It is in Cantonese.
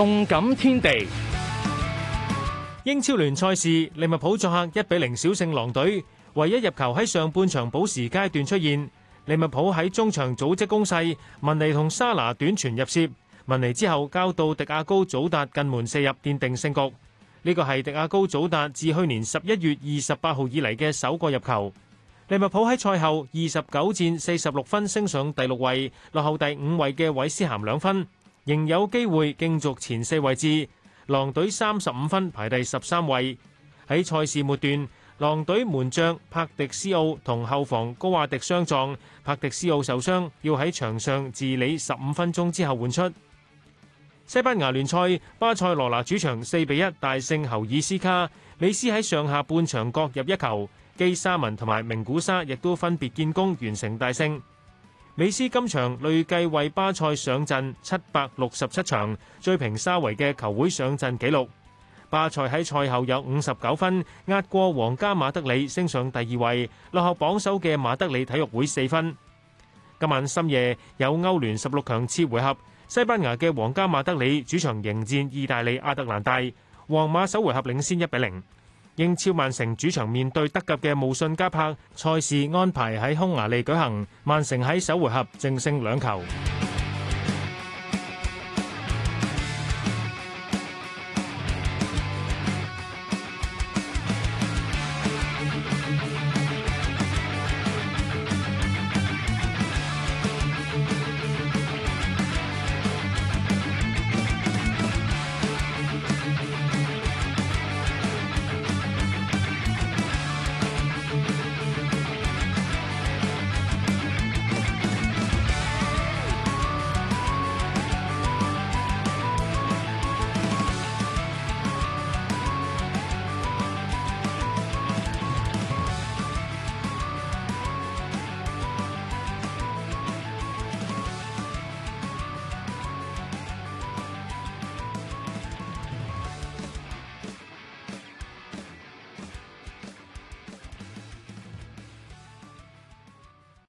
動感天地，英超聯賽事，利物浦作客一比零小勝狼隊，唯一入球喺上半場補時階段出現。利物浦喺中場組織攻勢，文尼同沙拿短傳入切，文尼之後交到迪亞高祖達近門射入奠定勝局。呢、這個係迪亞高祖達自去年十一月二十八號以嚟嘅首個入球。利物浦喺賽後二十九戰四十六分，升上第六位，落後第五位嘅韋斯咸兩分。仍有機會競逐前四位置，狼隊三十五分排第十三位。喺賽事末段，狼隊門將帕迪斯奧同後防高亞迪相撞，帕迪斯奧受傷，要喺場上治理十五分鐘之後換出。西班牙聯賽，巴塞羅那主場四比一大勝侯爾斯卡，美斯喺上下半場各入一球，基沙文同埋明古沙亦都分別建功，完成大勝。美斯今場累計為巴塞上陣七百六十七場，追平沙維嘅球會上陣紀錄。巴塞喺賽後有五十九分，壓過皇家馬德里，升上第二位，落後榜首嘅馬德里體育會四分。今晚深夜有歐聯十六強次回合，西班牙嘅皇家馬德里主場迎戰意大利阿特蘭大，皇馬首回合領先一比零。英超曼城主場面對德甲嘅慕遜加柏，賽事安排喺匈牙利舉行。曼城喺首回合淨勝兩球。